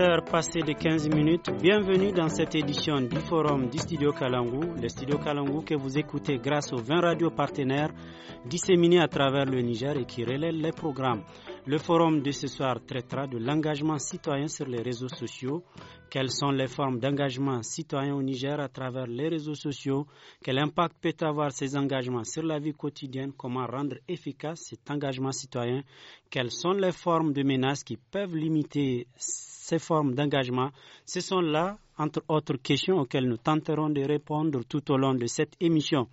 heures de 15 minutes, bienvenue dans cette édition du forum du Studio Kalangou, le Studio Kalangou que vous écoutez grâce aux 20 radios partenaires disséminés à travers le Niger et qui relèvent les programmes. Le forum de ce soir traitera de l'engagement citoyen sur les réseaux sociaux. Quelles sont les formes d'engagement citoyen au Niger à travers les réseaux sociaux Quel impact peut avoir ces engagements sur la vie quotidienne Comment rendre efficace cet engagement citoyen Quelles sont les formes de menaces qui peuvent limiter ces formes d'engagement, ce sont là, entre autres questions auxquelles nous tenterons de répondre tout au long de cette émission.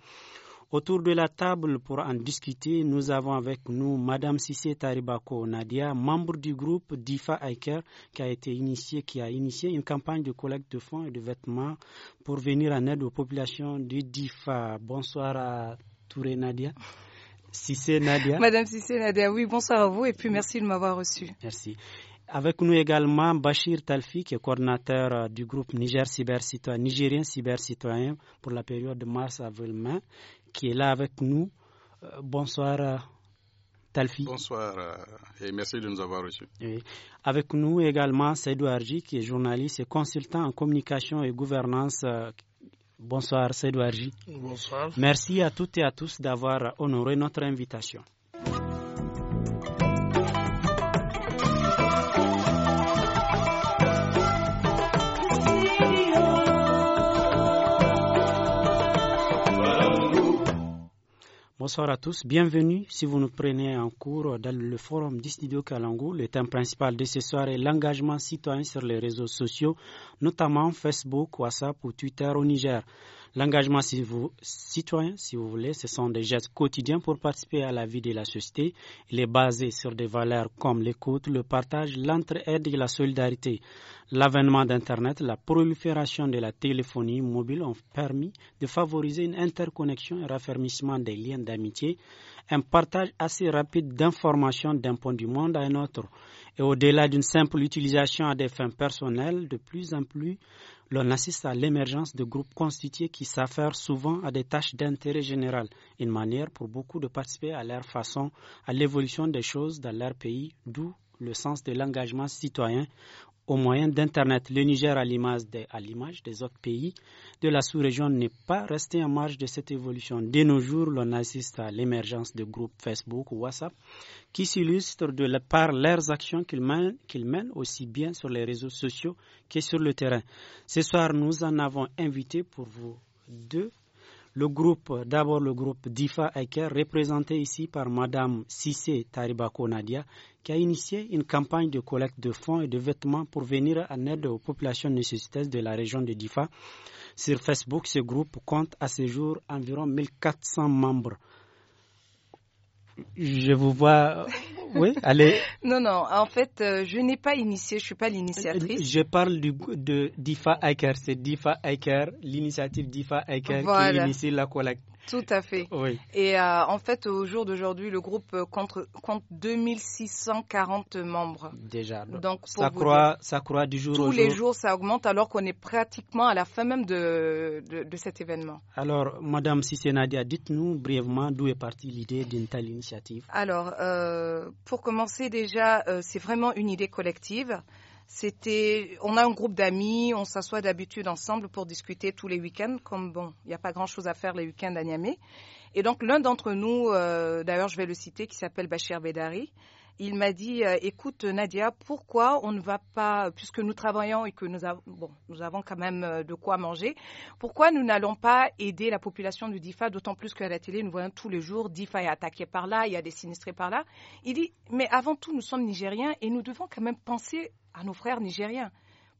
Autour de la table pour en discuter, nous avons avec nous Madame Sissé Taribako Nadia, membre du groupe DIFA Hiker, qui a été initié, qui a initié une campagne de collecte de fonds et de vêtements pour venir en aide aux populations du DIFA. Bonsoir à Touré Nadia. Sissé Nadia. Madame Sissé Nadia, oui, bonsoir à vous et puis merci de m'avoir reçu. Merci. Avec nous également Bachir Talfi, qui est coordinateur euh, du groupe Niger Cyber Citoyen, Nigérien pour la période de mars avril mai, qui est là avec nous. Euh, bonsoir euh, Talfi. Bonsoir et merci de nous avoir reçus. Avec nous également Seydou Arji, qui est journaliste et consultant en communication et gouvernance. bonsoir Seydou Bonsoir. Merci à toutes et à tous d'avoir honoré notre invitation. Bonsoir à tous, bienvenue si vous nous prenez en cours dans le forum d'Istudio Kalango. Le thème principal de ce soir est l'engagement citoyen sur les réseaux sociaux, notamment Facebook, WhatsApp ou Twitter au Niger. L'engagement citoyen, si vous voulez, ce sont des gestes quotidiens pour participer à la vie de la société. Il est basé sur des valeurs comme l'écoute, le partage, l'entraide et la solidarité. L'avènement d'Internet, la prolifération de la téléphonie mobile ont permis de favoriser une interconnexion et un raffermissement des liens d'amitié, un partage assez rapide d'informations d'un point du monde à un autre. Et au-delà d'une simple utilisation à des fins personnelles, de plus en plus, l'on assiste à l'émergence de groupes constitués qui s'affairent souvent à des tâches d'intérêt général, une manière pour beaucoup de participer à leur façon à l'évolution des choses dans leur pays, d'où le sens de l'engagement citoyen au moyen d'Internet. Le Niger, à l'image des, autres pays de la sous-région, n'est pas resté en marge de cette évolution. De nos jours, l'on assiste à l'émergence de groupes Facebook ou WhatsApp qui s'illustrent de par leurs actions qu'ils mènent, aussi bien sur les réseaux sociaux que sur le terrain. Ce soir, nous en avons invité pour vous deux le groupe, d'abord le groupe DIFA Eker, représenté ici par Madame Sissé Taribako Nadia, qui a initié une campagne de collecte de fonds et de vêtements pour venir en aide aux populations nécessiteuses de la région de DIFA. Sur Facebook, ce groupe compte à ce jour environ 1400 membres je vous vois. Euh, oui, allez. non, non, en fait, euh, je n'ai pas initié, je ne suis pas l'initiatrice. Je parle du, de DIFA Iker, c'est DIFA Iker, l'initiative DIFA Iker qui qui initie la collecte. Tout à fait. Et euh, en fait, au jour d'aujourd'hui, le groupe euh, compte, compte 2640 membres. Déjà. Donc, ça, croît, du jour au jour. Tous les jours, ça augmente alors qu'on est pratiquement à la fin même de, cet événement. Alors, Madame Sissénadia, dites-nous brièvement d'où est partie l'idée d'une telle initiative. Alors, euh, pour commencer déjà, c'est vraiment une idée collective. C'était, on a un groupe d'amis, on s'assoit d'habitude ensemble pour discuter tous les week-ends, comme bon, il n'y a pas grand-chose à faire les week-ends à Niamey. Et donc l'un d'entre nous, euh, d'ailleurs je vais le citer, qui s'appelle Bachir Bedari, il m'a dit euh, écoute Nadia, pourquoi on ne va pas, puisque nous travaillons et que nous, avons, bon, nous avons quand même euh, de quoi manger, pourquoi nous n'allons pas aider la population du DIFA, d'autant plus qu'à la télé, nous voyons tous les jours DIFA est attaqué par là, il y a des sinistrés par là. Il dit mais avant tout, nous sommes Nigériens et nous devons quand même penser à nos frères nigériens.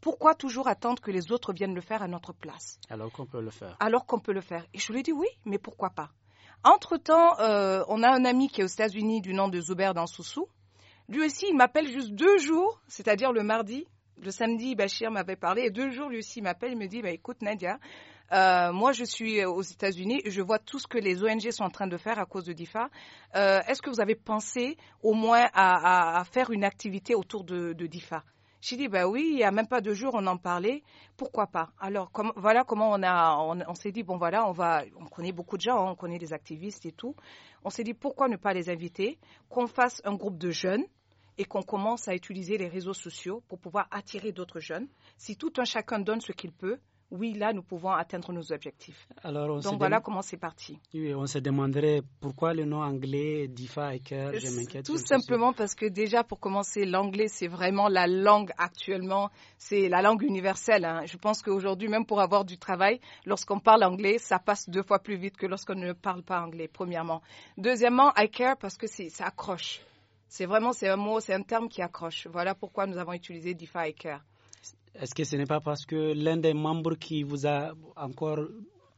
Pourquoi toujours attendre que les autres viennent le faire à notre place Alors qu'on peut le faire. Alors qu'on peut le faire. Et je lui ai dit oui, mais pourquoi pas Entre-temps, euh, on a un ami qui est aux États-Unis du nom de Zuber Dansoussou. Lui aussi, il m'appelle juste deux jours, c'est-à-dire le mardi. Le samedi, Bachir m'avait parlé. Et deux jours, lui aussi, il m'appelle, et me dit, bah, écoute Nadia, euh, moi, je suis aux États-Unis et je vois tout ce que les ONG sont en train de faire à cause de DIFA. Euh, est-ce que vous avez pensé au moins à, faire une activité autour de DIFA j'ai dit, ben oui, il n'y a même pas deux jours, on en parlait, pourquoi pas Alors voilà comment on, a, on s'est dit, bon voilà, on, va, on connaît beaucoup de gens, hein, on connaît des activistes et tout. On s'est dit, pourquoi ne pas les inviter, qu'on fasse un groupe de jeunes et qu'on commence à utiliser les réseaux sociaux pour pouvoir attirer d'autres jeunes. Si tout un chacun donne ce qu'il peut, oui, là, nous pouvons atteindre nos objectifs. Donc voilà comment c'est parti. Oui, on se demanderait pourquoi le nom anglais DIFA I CARE, je m'inquiète. Tout simplement parce que déjà, pour commencer, l'anglais, c'est vraiment la langue actuellement, c'est la langue universelle. Hein. Je pense qu'aujourd'hui, même pour avoir du travail, lorsqu'on parle anglais, ça passe deux fois plus vite que lorsqu'on ne parle pas anglais, premièrement. Deuxièmement, I care parce que ça accroche. C'est vraiment, c'est un mot, c'est un terme qui accroche. Voilà pourquoi nous avons utilisé DIFA I CARE. Est-ce que ce n'est pas parce que l'un des membres qui vous a encore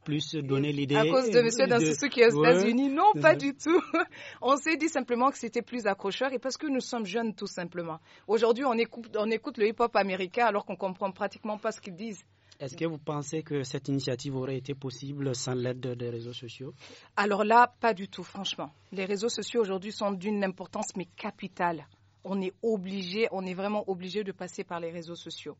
plus donné l'idée. À cause de M. qui est aux États-Unis Non, pas du tout. On s'est dit simplement que c'était plus accrocheur et parce que nous sommes jeunes, tout simplement. Aujourd'hui, on écoute, le hip-hop américain alors qu'on comprend pratiquement pas ce qu'ils disent. Est-ce que vous pensez que cette initiative aurait été possible sans l'aide des réseaux sociaux Alors là, pas du tout, franchement. Les réseaux sociaux aujourd'hui sont d'une importance mais capitale on est obligé, on est vraiment obligé de passer par les réseaux sociaux.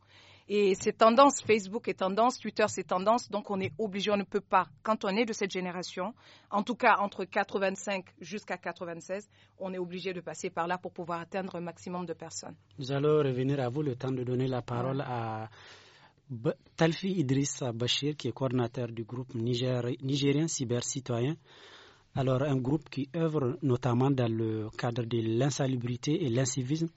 Et c'est tendance, Facebook est tendance, Twitter c'est tendance, donc on est obligé, on ne peut pas. Quand on est de cette génération, en tout cas entre 85 jusqu'à 96, on est obligé de passer par là pour pouvoir atteindre un maximum de personnes. Nous allons revenir à vous le temps de donner la parole à Talfi Idrissa Bachir, qui est coordinateur du groupe Nigérien nigérien cybercitoyen. Alors, un groupe qui œuvre notamment dans le cadre de l'insalubrité et l'incivisme.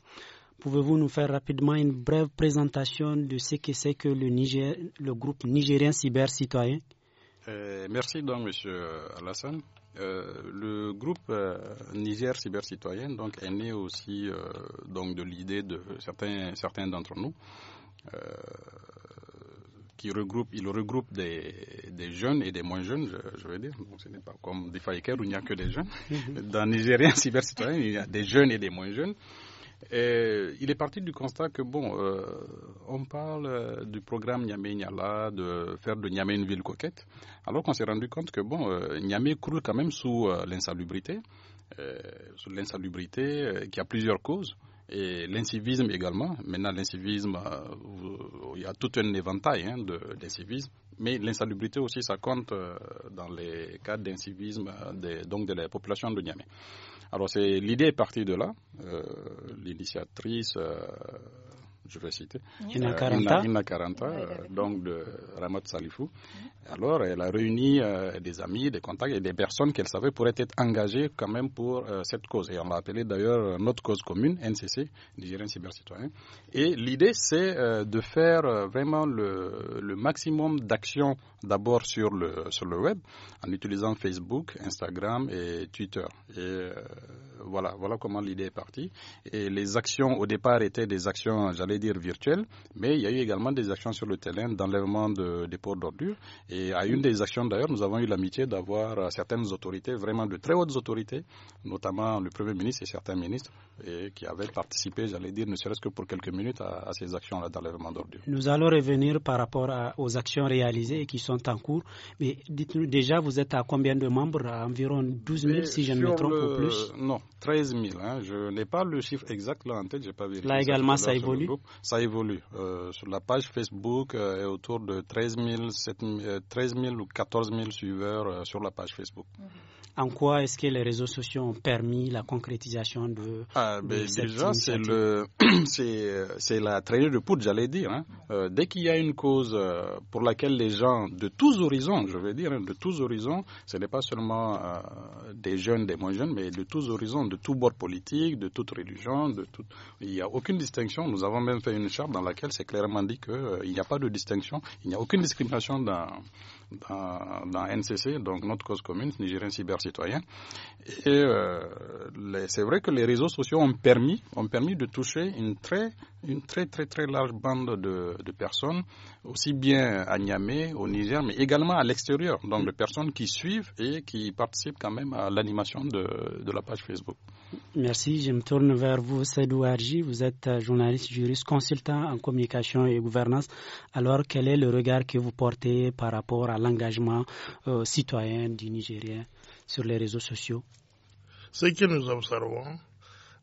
Pouvez-vous nous faire rapidement une brève présentation de ce que c'est que le, Niger, le groupe nigérien cyber citoyen euh, Merci donc, Monsieur Alassane. Euh, le groupe euh, Niger Cyber Citoyen est né aussi donc, de l'idée de certains d'entre nous il regroupe des, jeunes et des moins jeunes, je, veux dire. ce n'est pas comme des faïkers où il n'y a que des jeunes. Mhm. Dans Nigérien cyber citoyen, il y a des jeunes et des moins jeunes. il est parti du constat que, bon, euh, on parle euh, du programme Niamey-Niala, de faire de Niamey une ville coquette, alors qu'on s'est rendu compte que, bon, euh, Niamey croule quand même sous l'insalubrité, sous l'insalubrité qui a plusieurs causes et l'incivisme également. Maintenant, l'incivisme, euh, il y a tout un éventail hein, d'incivisme, mais l'insalubrité aussi, ça compte euh, dans les cas d'incivisme euh, donc de la population de Niamey. Alors, l'idée est partie de là. L'initiatrice, je vais citer, euh, Ina Karanta, euh, donc de Ramat Salifou. Alors, elle a réuni euh, des amis, des contacts et des personnes qu'elle savait pourraient être engagées quand même pour cette cause. Et on l'a appelée d'ailleurs notre cause commune, NCC, Nigérien Cybercitoyen. Et l'idée, c'est de faire vraiment le, maximum d'actions d'abord sur le, sur le web en utilisant Facebook, Instagram et Twitter. Et voilà, comment l'idée est partie. Et les actions au départ étaient des actions, j'allais dire, virtuelles, mais il y a eu également des actions sur le terrain d'enlèvement de dépôts d'ordures. Et à une des actions d'ailleurs, nous avons eu l'amitié d'avoir certaines autorités, vraiment de très hautes autorités, notamment le Premier ministre et certains ministres, qui avaient participé, j'allais dire, ne serait-ce que pour quelques minutes à, ces actions-là d'enlèvement d'ordures. Nous allons revenir par rapport aux actions réalisées et qui sont en cours. Mais dites-nous déjà, vous êtes à combien de membres à Environ 12 000, si je ne me trompe ou plus Non, 13 000. Hein. Je n'ai pas le chiffre exact là en tête, j'ai pas vérifié. Là également, ça, évolue Ça euh, évolue. sur la page Facebook, euh, est autour de 13 000, euh, ou 14 000 suiveurs sur la page Facebook. Mhm. En quoi est-ce que les réseaux sociaux ont permis la concrétisation de, ah, ben, Déjà, c'est le, c'est la traînée de poudre, j'allais dire. Hein. dès qu'il y a une cause pour laquelle les gens de tous horizons, je veux dire, hein, de tous horizons, ce n'est pas seulement des jeunes, des moins jeunes, mais de tous horizons, de tout bord politique, de toute religion, de tout... il n'y a aucune distinction. Nous avons même fait une charte dans laquelle c'est clairement dit qu'il euh, n'y a pas de distinction, il n'y a aucune discrimination dans, dans, dans, NCC, donc notre cause commune, Nigérien cybercitoyen. Et euh, c'est vrai que les réseaux sociaux ont permis, ont permis de toucher une très, une très, très, très large bande de, de personnes, aussi bien à Niamey, au Niger, mais également à l'extérieur. Donc, de personnes qui suivent et qui participent quand même à l'animation de, de la page Facebook. Merci. Je me tourne vers vous, Sedou Arji. Vous êtes euh, journaliste, juriste, consultant en communication et gouvernance. Alors, quel est le regard que vous portez par rapport à l'engagement euh, citoyen du Nigérien sur les réseaux sociaux Ce que nous observons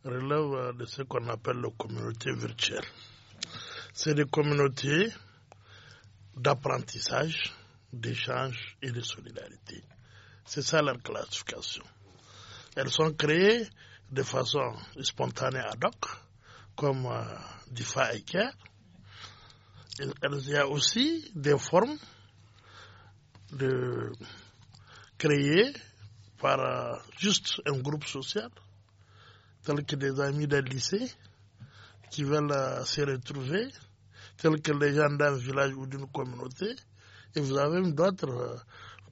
relève euh, de ce qu'on appelle la communauté virtuelle C'est des communautés d'apprentissage, d'échange et de solidarité. C'est ça leur classification. Elles sont créées de façon spontanée ad hoc, comme Difa euh, du kia. Il y a aussi des formes de créées par euh, juste un groupe social, tel que des amis d'un lycée qui veulent euh, se retrouver, tel que les gens d'un village ou d'une communauté, et vous avez d'autres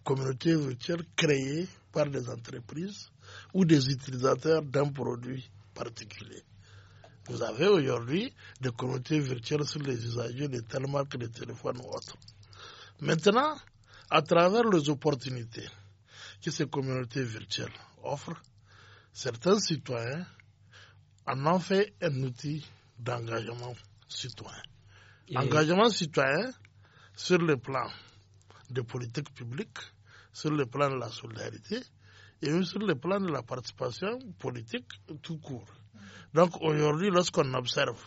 communautés virtuelles créées par des entreprises ou des utilisateurs d'un produit particulier. Vous avez aujourd'hui des communautés virtuelles sur les usagers de telle marque de téléphone ou autres. Maintenant, à travers les opportunités que ces communautés virtuelles offrent, certains citoyens en ont fait un outil d'engagement citoyen. Engagement citoyen sur le plan des politiques publiques, sur le plan de la solidarité, et sur le plan de la participation politique tout court. Donc aujourd'hui, lorsqu'on observe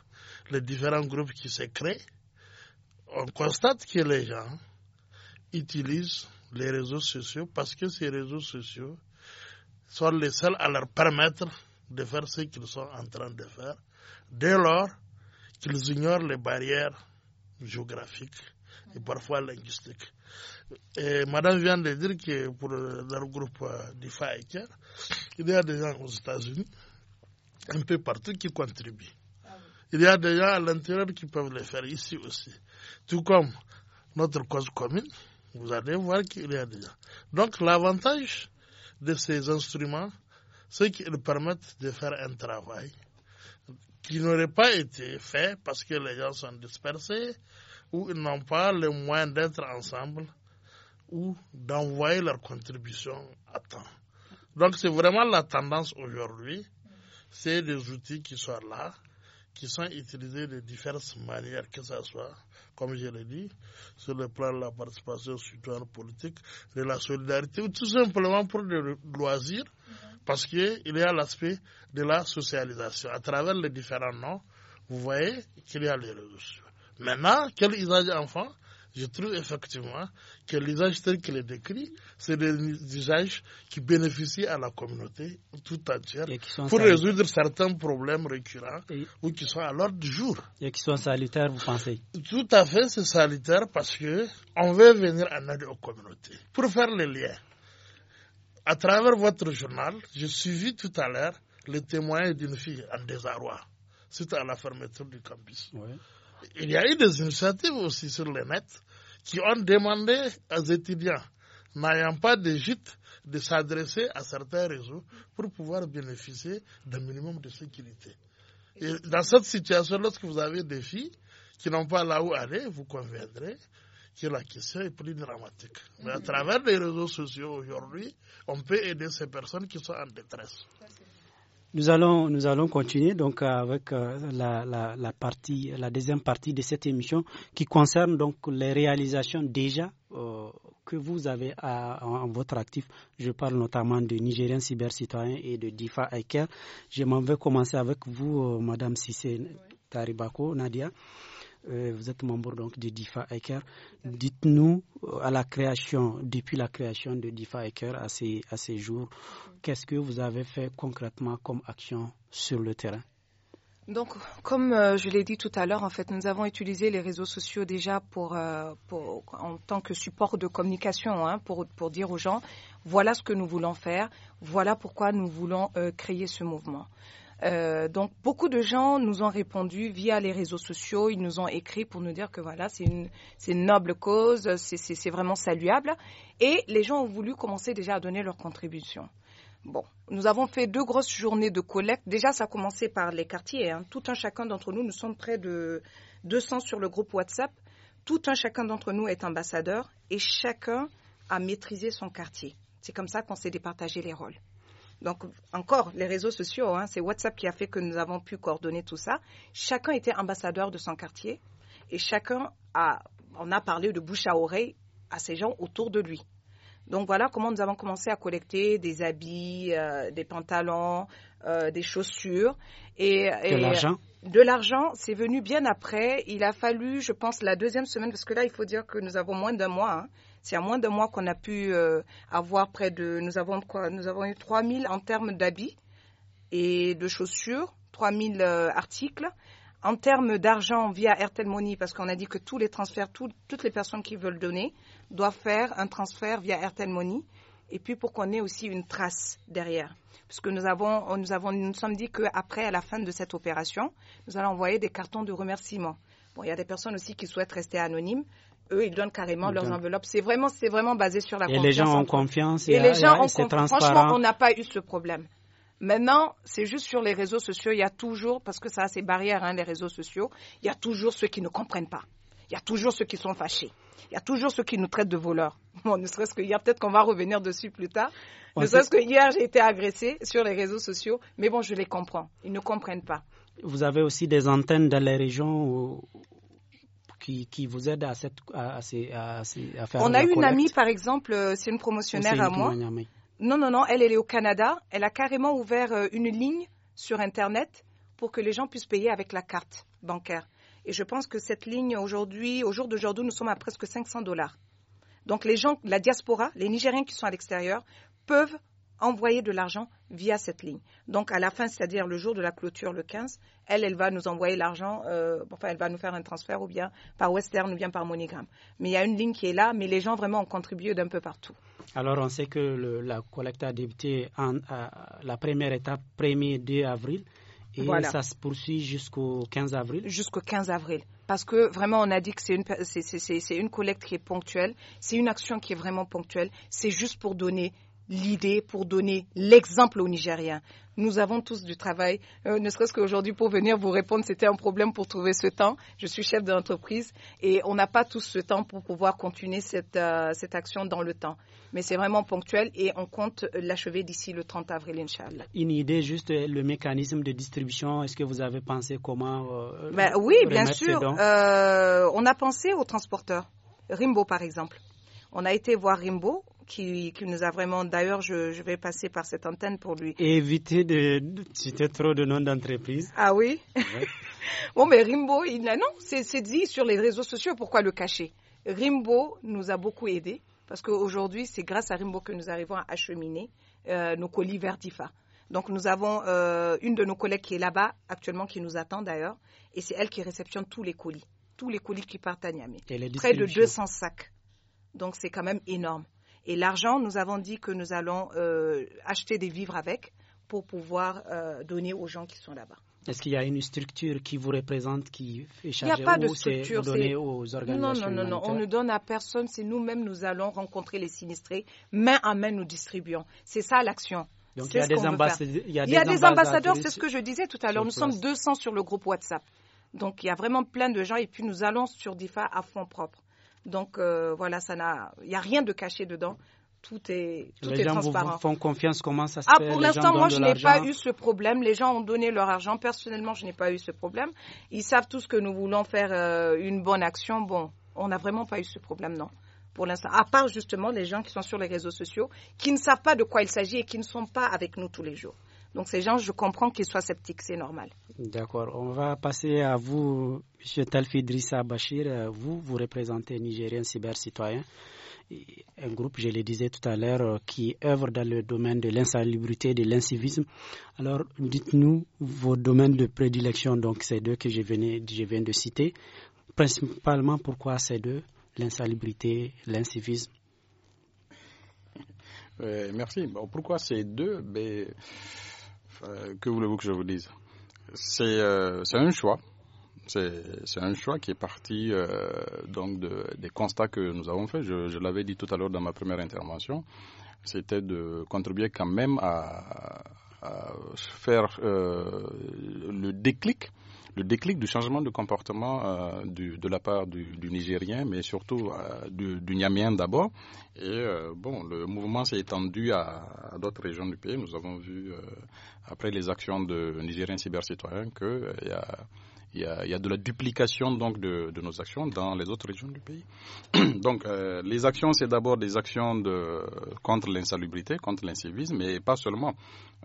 les différents groupes qui se créent, on constate que les gens utilisent les réseaux sociaux parce que ces réseaux sociaux sont les seuls à leur permettre de faire ce qu'ils sont en train de faire, dès lors qu'ils ignorent les barrières géographiques et parfois linguistiques. Et madame vient de dire que pour, leur le groupe euh, du il y a des gens aux États-Unis, un peu partout, qui contribuent. Il y a des gens à l'intérieur qui peuvent le faire ici aussi. Tout comme notre cause commune, vous allez voir qu'il y a des gens. Donc l'avantage de ces instruments, c'est qu'ils permettent de faire un travail qui n'aurait pas été fait parce que les gens sont dispersés ou ils n'ont pas le moyen d'être ensemble ou d'envoyer leur contribution à temps. Donc c'est vraiment la tendance aujourd'hui, c'est des outils qui sont là, qui sont utilisés de diverses manières, que ce soit, comme je l'ai dit, sur le plan de la participation citoyenne politique, de la solidarité, ou tout simplement pour le loisir, parce qu'il y a l'aspect de la socialisation. À travers les différents noms, vous voyez qu'il y a les réseaux Maintenant, quel usage enfant je trouve effectivement que l'usage tel qu'il est décrit, c'est des usages qui bénéficient à la communauté tout entière pour résoudre certains problèmes récurrents ou qui sont à l'ordre du jour. Et qui sont salutaires, vous pensez Tout à fait, c'est salutaire parce que on veut venir en aide aux communautés pour faire le lien. À travers votre journal, j'ai suivi tout à l'heure le témoignage d'une fille en désarroi suite à la fermeture du campus. Il y a eu des initiatives aussi sur le net qui ont demandé aux étudiants n'ayant pas de gîte de s'adresser à certains réseaux pour pouvoir bénéficier d'un minimum de sécurité. Et dans cette situation, lorsque vous avez des filles qui n'ont pas là où aller, vous conviendrez que la question est plus dramatique. Mais à mhm. travers les réseaux sociaux aujourd'hui, on peut aider ces personnes qui sont en détresse. Nous allons, nous allons continuer donc avec euh, la, la, la, partie, la deuxième partie de cette émission qui concerne donc les réalisations déjà euh, que vous avez en, votre actif. Je parle notamment de Cyber cybercitoyen et de DIFA Eker. Je m'en vais commencer avec vous, Mme euh, Madame Sissé Taribako, Nadia. vous êtes membre donc de DIFA Eker. Dites-nous à la création, depuis la création de DeFi à ces, à ces jours, qu'est-ce que vous avez fait concrètement comme action sur le terrain donc, comme euh, je l'ai dit tout à l'heure, en fait, nous avons utilisé les réseaux sociaux déjà pour, euh, en tant que support de communication, hein, pour, dire aux gens, voilà ce que nous voulons faire, voilà pourquoi nous voulons euh, créer ce mouvement. Euh, donc beaucoup de gens nous ont répondu via les réseaux sociaux, ils nous ont écrit pour nous dire que voilà, c'est une, noble cause, c'est vraiment saluable. Et les gens ont voulu commencer déjà à donner leur contribution. Bon, nous avons fait deux grosses journées de collecte. Déjà, ça a commencé par les quartiers. Hein. Tout un chacun d'entre nous, nous sommes près de 200 sur le groupe WhatsApp. Tout un chacun d'entre nous est ambassadeur et chacun a maîtrisé son quartier. C'est comme ça qu'on s'est départagé les rôles. Donc encore, les réseaux sociaux, hein, c'est WhatsApp qui a fait que nous avons pu coordonner tout ça. Chacun était ambassadeur de son quartier et chacun a, on a parlé de bouche à oreille à ces gens autour de lui. Donc voilà comment nous avons commencé à collecter des habits, euh, des pantalons, euh, des chaussures. Et, de l'argent euh, De l'argent, c'est venu bien après. Il a fallu, je pense, la deuxième semaine, parce que là, il faut dire que nous avons moins d'un mois. Hein. C'est à moins de mois qu'on a pu euh, avoir près de. Nous avons, quoi, nous avons eu 3000 en termes d'habits et de chaussures, 3000 000 euh, articles. En termes d'argent via Airtel Money, parce qu'on a dit que tous les transferts, toutes les personnes qui veulent donner doivent faire un transfert via Airtel Money. Et puis pour qu'on ait aussi une trace derrière. Parce nous avons, nous nous, sommes dit qu'après, à la fin de cette opération, nous allons envoyer des cartons de remerciement. Bon, il y a des personnes aussi qui souhaitent rester anonymes eux, ils donnent carrément leurs enveloppes. C'est vraiment, c'est vraiment basé sur la confiance. Et les gens ont confiance. Et, les gens ont confiance. Franchement, on n'a pas eu ce problème. Maintenant, c'est juste sur les réseaux sociaux, il y a toujours, parce que ça a ses barrières, hein, les réseaux sociaux, il y a toujours ceux qui ne comprennent pas. Il y a toujours ceux qui sont fâchés. Il y a toujours ceux qui nous traitent de voleurs. Bon, ne serait-ce que hier, peut-être qu'on va revenir dessus plus tard. ne serait-ce que hier, j'ai été agressée sur les réseaux sociaux. Mais bon, je les comprends. Ils ne comprennent pas. Vous avez aussi des antennes dans les régions où, qui, vous aide à, cette, à, à, On a une amie, par exemple, euh, c'est une promotionnaire à moi. Non, non, non, elle, elle est au Canada. Elle a carrément ouvert euh, une ligne sur Internet pour que les gens puissent payer avec la carte bancaire. Et je pense que cette ligne, aujourd'hui, au jour d'aujourd'hui, nous sommes à presque 500 dollars. Donc les gens, la diaspora, les Nigériens qui sont à l'extérieur, peuvent envoyer de l'argent via cette ligne. Donc à la fin, c'est-à-dire le jour de la clôture, le 15, elle, elle va nous envoyer l'argent, euh, enfin elle va nous faire un transfert ou bien par Western ou bien par MoneyGram. Mais il y a une ligne qui est là, mais les gens vraiment ont contribué d'un peu partout. Alors on sait que la collecte a débuté en, la première étape, 1er 2 avril. Et ça se poursuit jusqu'au 15 avril Jusqu'au 15 avril. Parce que vraiment, on a dit que c'est une, c'est, une collecte qui est ponctuelle, c'est une action qui est vraiment ponctuelle, c'est juste pour donner l'idée pour donner l'exemple aux Nigériens. Nous avons tous du travail, euh, ne serait-ce qu'aujourd'hui pour venir vous répondre, c'était un problème pour trouver ce temps. Je suis chef d'entreprise et on n'a pas tous ce temps pour pouvoir continuer euh, cette, action dans le temps. Mais c'est vraiment ponctuel et on compte l'achever d'ici le 30 avril, Inch'Allah. Une idée, juste euh, le mécanisme de distribution, est-ce que vous avez pensé comment ben Oui, bien sûr. on a pensé aux transporteurs. Rimbo, par exemple. On a été voir Rimbo, qui, nous a vraiment. D'ailleurs, je, vais passer par cette antenne pour lui. Et éviter de citer trop de noms d'entreprises. Ah oui Bon, mais Rimbo, il non, c'est dit sur les réseaux sociaux, pourquoi le cacher Rimbo nous a beaucoup aidés parce qu'aujourd'hui, c'est grâce à Rimbo que nous arrivons à acheminer euh, nos colis vers DIFA. Donc nous avons euh, une de nos collègues qui est là-bas actuellement, qui nous attend d'ailleurs, et c'est elle qui réceptionne tous les colis, tous les colis qui partent à Niamey. Près de 200 sacs. Donc c'est quand même énorme. Et l'argent, nous avons dit que nous allons euh, acheter des vivres avec pour pouvoir euh, donner aux gens qui sont là-bas. Est-ce qu'il y a une structure qui vous représente, qui est chargée Il n'y a pas de structure. aux organisations non, non, non, non, on ne donne à personne. C'est nous-mêmes, nous allons rencontrer les sinistrés. Main à main, nous distribuons. C'est ça l'action. Donc il y, a des ambassadeurs. Il y a des, ambassadeurs, c'est ce que je disais tout à l'heure. Nous sommes 200 sur le groupe WhatsApp. Donc il y a vraiment plein de gens et puis nous allons sur DIFA à fond propre. Donc euh, voilà, ça n'a, il n'y a rien de caché dedans. Tout est, tout les gens transparent. Vous font confiance, comment ça se ah, Pour l'instant, moi, je n'ai pas eu ce problème. Les gens ont donné leur argent. Personnellement, je n'ai pas eu ce problème. Ils savent tous que nous voulons faire euh, une bonne action. Bon, on n'a vraiment pas eu ce problème, non pour l'instant, à part justement les gens qui sont sur les réseaux sociaux, qui ne savent pas de quoi il s'agit et qui ne sont pas avec nous tous les jours. Donc ces gens, je comprends qu'ils soient sceptiques, c'est normal. D'accord. On va passer à vous, M. Talfi Drissa Bachir. Vous, vous représentez Nigérien Cybercitoyen, un groupe, je le disais tout à l'heure, qui œuvre dans le domaine de l'insalubrité et de l'incivisme. Alors, dites-nous vos domaines de prédilection, donc ces deux que je, venais, viens de citer. Principalement, pourquoi ces deux, l'insalubrité, l'incivisme euh, merci. pourquoi ces deux ben, euh, que voulez-vous que je vous dise euh, C'est un choix. C'est un choix qui est parti euh, donc de, des constats que nous avons faits. Je, l'avais dit tout à l'heure dans ma première intervention. C'était de contribuer quand même à faire le déclic le déclic du changement de comportement euh, de la part du, Nigérien, mais surtout euh, du, Niamien d'abord. Et euh, bon, le mouvement s'est étendu à, d'autres régions du pays. Nous avons vu, après les actions de Nigériens cybercitoyens, qu'il y a il y, a, de la duplication donc de, nos actions dans les autres régions du pays. donc euh, les actions, c'est d'abord des actions contre l'insalubrité, contre l'incivisme, mais pas seulement.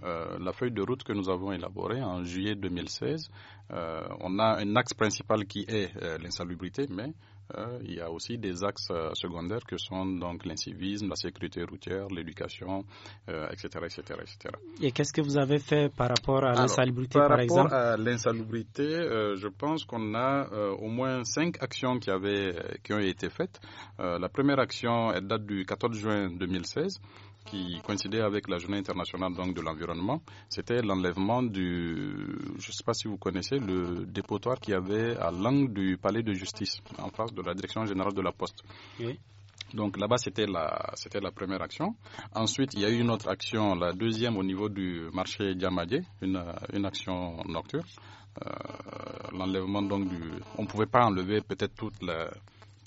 Euh, la feuille de route que nous avons élaborée en juillet 2016, euh, on a un axe principal qui est l'insalubrité, mais euh, il y a aussi des axes euh, secondaires que sont donc l'incivisme, la sécurité routière, l'éducation, euh, etc., etc., etc. Et qu'est-ce que vous avez fait par rapport à l'insalubrité, par, par, exemple Par rapport à l'insalubrité, euh, je pense qu'on a au moins cinq actions qui, avaient, qui ont été faites. la première action, elle date du 14 juin 2016 qui coïncidait avec la journée internationale donc, de l'environnement, c'était l'enlèvement du, je ne sais pas si vous connaissez, le dépotoir qu'il y avait à l'angle du palais de justice, en face de la direction générale de la Poste. Oui. Donc là-bas, c'était la, c'était la première action. Ensuite, il y a eu une autre action, la deuxième au niveau du marché diamantier, une, une action nocturne. Euh, l'enlèvement donc du... On ne pouvait pas enlever peut-être toute la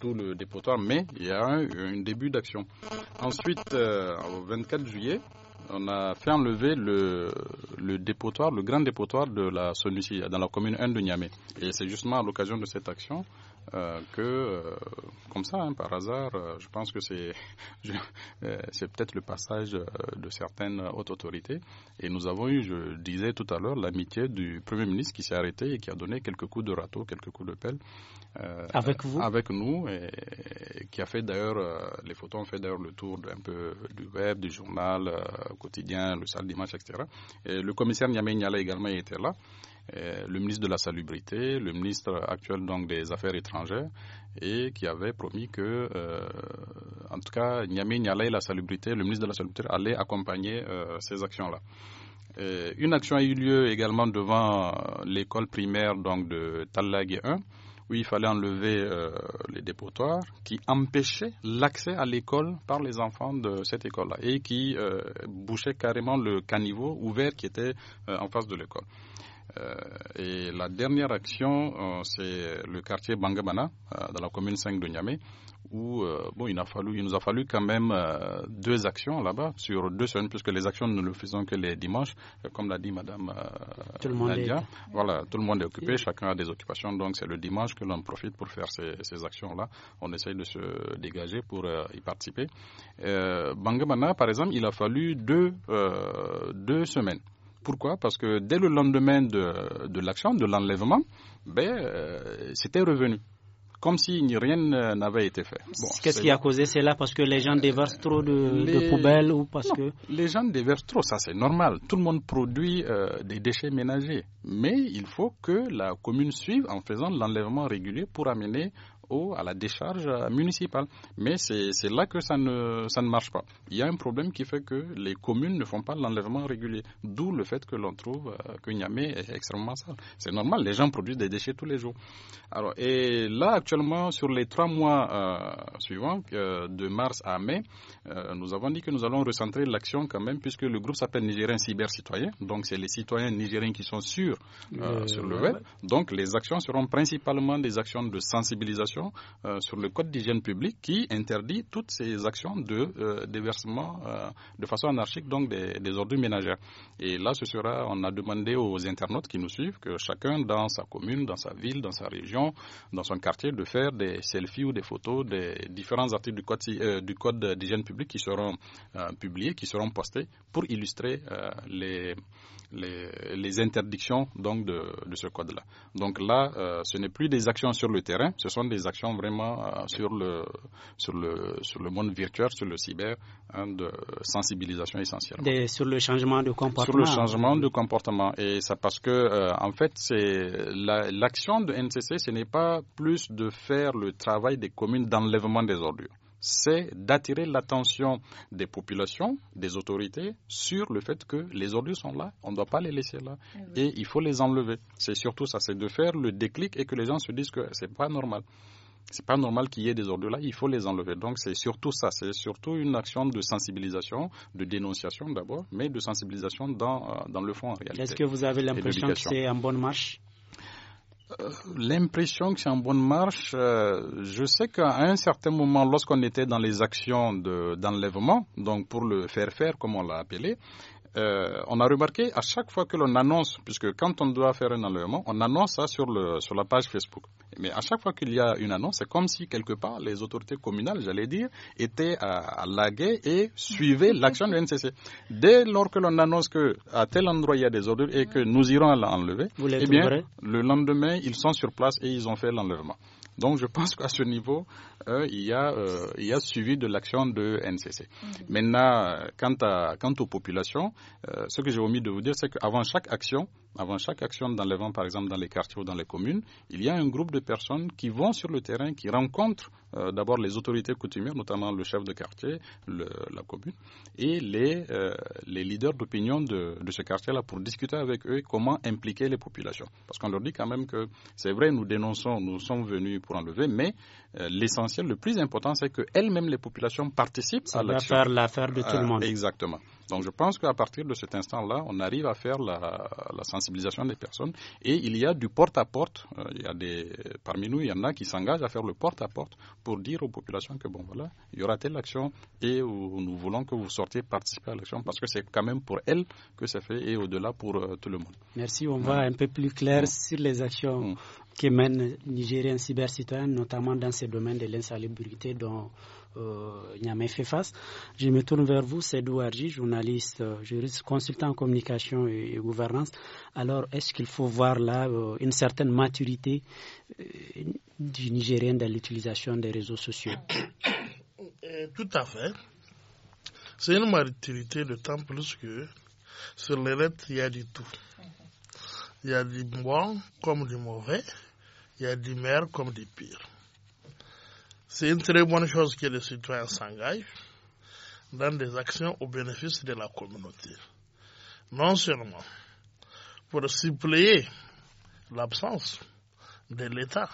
tout le dépotoir, mais il y a eu un début d'action. Ensuite, euh, au 24 juillet, on a fait enlever le, le, dépotoir, le grand dépotoir de la Sonusi, dans la commune 1 de Et c'est justement à l'occasion de cette action euh, que, euh, comme ça, hein, par hasard, euh, je pense que c'est peut-être le passage de certaines hautes autorités. Et nous avons eu, je disais tout à l'heure, l'amitié du Premier ministre qui s'est arrêté et qui a donné quelques coups de râteau, quelques coups de pelle. avec vous Avec nous, et, qui a fait d'ailleurs, les photos ont fait d'ailleurs le tour un peu du web, du journal quotidien, le salle dimanche, etc. Et le commissaire Niamey Niala également était là. Euh, le ministre de la Salubrité, le ministre actuel donc des Affaires étrangères, et qui avait promis que, euh, en tout cas, Niamey Nialay, la Salubrité, le ministre de la Salubrité, allait accompagner euh, ces actions-là. Euh, une action a eu lieu également devant l'école primaire donc, de Talagé 1 où il fallait enlever les dépotoirs qui empêchaient l'accès à l'école par les enfants de cette école-là et qui euh, bouchaient carrément le caniveau ouvert qui était en face de l'école. Euh, et la dernière action, euh, c'est le quartier Bangabana, euh, dans la commune 5 de Niamey, où bon, il, nous a fallu quand même deux actions là-bas sur deux semaines, puisque les actions nous le faisons que les dimanches, comme l'a dit Madame Nadia. Voilà, tout le monde est occupé, chacun a des occupations, donc c'est le dimanche que l'on profite pour faire ces, ces actions-là. On essaye de se dégager pour y participer. Bangabana, par exemple, il a fallu deux, deux semaines pourquoi Parce que dès le lendemain de, l'action, de l'enlèvement, ben, euh, c'était revenu comme si rien n'avait été fait. Qu'est-ce qui a causé cela Parce que les gens déversent euh, trop de, poubelles ou parce que... Les gens déversent trop, ça c'est normal. Tout le monde produit euh, des déchets ménagers. Mais il faut que la commune suive en faisant l'enlèvement régulier pour amener à la décharge municipale. Mais c'est là que ça ne, ça ne marche pas. Il y a un problème qui fait que les communes ne font pas l'enlèvement régulier. D'où le fait que l'on trouve euh, que Niamey est extrêmement sale. C'est normal, les gens produisent des déchets tous les jours. Alors, et là, actuellement, sur les trois mois euh, suivants, de mars à mai, euh, nous avons dit que nous allons recentrer l'action quand même, puisque le groupe s'appelle Nigérien Cyber Citoyen. Donc, c'est les citoyens nigériens qui sont sûrs sur le web. Donc, les actions seront principalement des actions de sensibilisation euh, sur le code d'hygiène publique qui interdit toutes ces actions de euh, déversement euh, de façon anarchique donc des, des ordures ménagères. Et là, ce sera, on a demandé aux internautes qui nous suivent que chacun dans sa commune, dans sa ville, dans sa région, dans son quartier, de faire des selfies ou des photos des différents articles du code, du code d'hygiène publique qui seront publiés, qui seront postés pour illustrer les les, les interdictions donc de, de ce code-là. Donc là, euh, ce n'est plus des actions sur le terrain, ce sont des actions vraiment euh, sur, le, sur, le, sur le monde virtuel, sur le cyber, hein, de sensibilisation essentiellement. sur le changement de comportement. Sur le changement de comportement. Et ça parce que, euh, en fait, c'est l'action de NCC, ce n'est pas plus de faire le travail des communes d'enlèvement des ordures c'est d'attirer l'attention des populations, des autorités, sur le fait que les ordures sont là, on ne doit pas les laisser là, eh et il faut les enlever. C'est surtout ça, c'est de faire le déclic et que les gens se disent que ce n'est pas normal. C'est pas normal qu'il y ait des ordures là, il faut les enlever. Donc c'est surtout ça, c'est surtout une action de sensibilisation, de dénonciation d'abord, mais de sensibilisation dans, euh, dans le fond en réalité. Est-ce que vous avez l'impression que c'est en bonne marche euh, l'impression que c'est en bonne marche, euh, je sais qu'à un certain moment, lorsqu'on était dans les actions d'enlèvement, donc pour le faire faire, comme on l'a appelé, euh, on a remarqué à chaque fois que l'on annonce, puisque quand on doit faire un enlèvement, on annonce ça sur, la page Facebook. Mais à chaque fois qu'il y a une annonce, c'est comme si quelque part les autorités communales, j'allais dire, étaient à, laguer et suivaient l'action de NCC. Dès lors que l'on annonce que à tel endroit il y a des ordures et que nous irons à l'enlever, eh bien, le lendemain ils sont sur place et ils ont fait l'enlèvement. Donc je pense qu'à ce niveau, euh, il, y a, euh, il y a suivi de l'action de NCC. Mhm. Maintenant, quant, à, quant aux populations, euh, ce que j'ai omis de vous dire, c'est qu'avant chaque action, avant chaque action d'enlèvement, par exemple dans les quartiers ou dans les communes, il y a un groupe de personnes qui vont sur le terrain, qui rencontrent euh, d'abord les autorités coutumières, notamment le chef de quartier, le, la commune, et euh, les, leaders d'opinion de, de, ce quartier-là pour discuter avec eux comment impliquer les populations. Parce qu'on leur dit quand même que c'est vrai, nous dénonçons, nous sommes venus pour enlever, mais euh, l'essentiel, le plus important, c'est que elles-mêmes, les populations, participent à l'action. faire l'affaire de tout le monde. Exactement. Donc je pense qu'à partir de cet instant-là, on arrive à faire la, sensibilisation des personnes et il y a du porte-à-porte. Euh, parmi nous, il y en a qui s'engagent à faire le porte-à-porte pour dire aux populations que bon voilà, il y aura telle action et nous voulons que vous sortiez participer à l'action parce que c'est quand même pour elles que ça fait et au-delà pour euh, tout le monde. Merci, on va un peu plus clair sur les actions mènent que mène Nigérien Cybercitoyen, notamment dans ces domaines de l'insalubrité dont jamais euh, fait face. Je me tourne vers vous, c'est Douarji, journaliste, euh, juriste, consultant en communication et, gouvernance. Alors, est-ce qu'il faut voir là euh, une certaine maturité du Nigérien dans l'utilisation des réseaux sociaux Tout à fait. C'est une maturité de temps plus que sur les lettres, il y a du tout. Il y a du bon comme du mauvais, il y a du meilleur comme du pire. C'est une très bonne chose que les citoyens s'engagent dans des actions au bénéfice de la communauté. Non seulement pour suppléer l'absence de l'État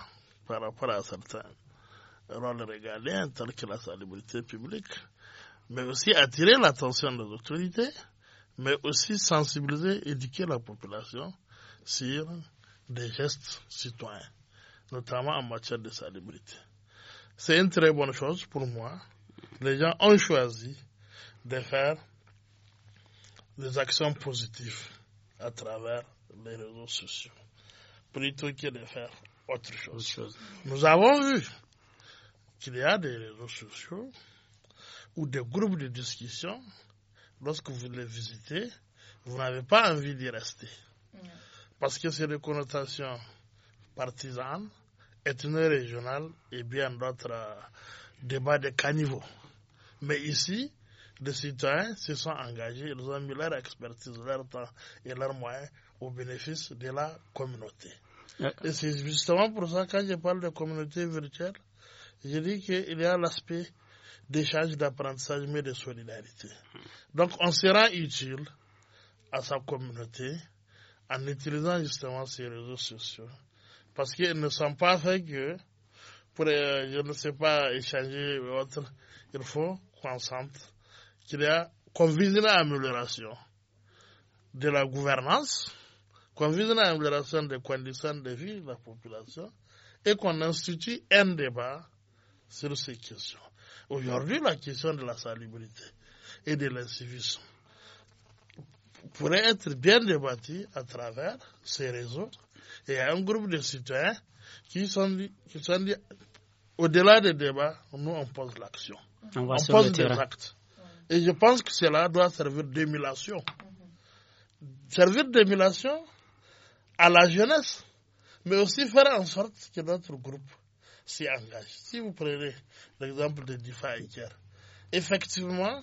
par rapport à certains rôles régaliens tels que la salubrité publique, mais aussi attirer l'attention des autorités, mais aussi sensibiliser, et éduquer la population sur des gestes citoyens, notamment en matière de salubrité. C'est une très bonne chose pour moi. Les gens ont choisi de faire des actions positives à travers les réseaux sociaux, plutôt que de faire autre chose. Nous avons vu qu'il y a des réseaux sociaux ou des groupes de discussion, lorsque vous les visitez, vous n'avez pas envie d'y rester. Parce que c'est des connotations partisanes, ethno régionale et bien d'autres euh, débats de caniveau. Mais ici, les citoyens se sont engagés, ils ont mis leur expertise, leur temps et leurs moyens au bénéfice de la communauté. Euh. Et c'est justement pour ça que quand je parle de communauté virtuelle, je dis qu'il y a l'aspect d'échange, d'apprentissage, mais de solidarité. Donc on sera utile à sa communauté en utilisant justement ces réseaux sociaux parce qu'ils ne sont pas faits que pour, euh, je ne sais pas, échanger ou autre. Il faut qu'on sente qu'il y a, qu'on vise une amélioration de la gouvernance, qu'on vise une amélioration des conditions de vie de la population et qu'on institue un débat sur ces questions. Aujourd'hui, la question de la salubrité et de l'incivisme pourrait être bien débattue à travers ces réseaux et eh, a un groupe de citoyens hein, qui sont sont dit au-delà des débats, nous on pose l'action. On, pose des actes. Et je pense que cela doit servir d'émulation. Servir d'émulation à la jeunesse, mais aussi faire en sorte que notre groupe s'y engage. Si vous prenez l'exemple de Difa Iker, effectivement,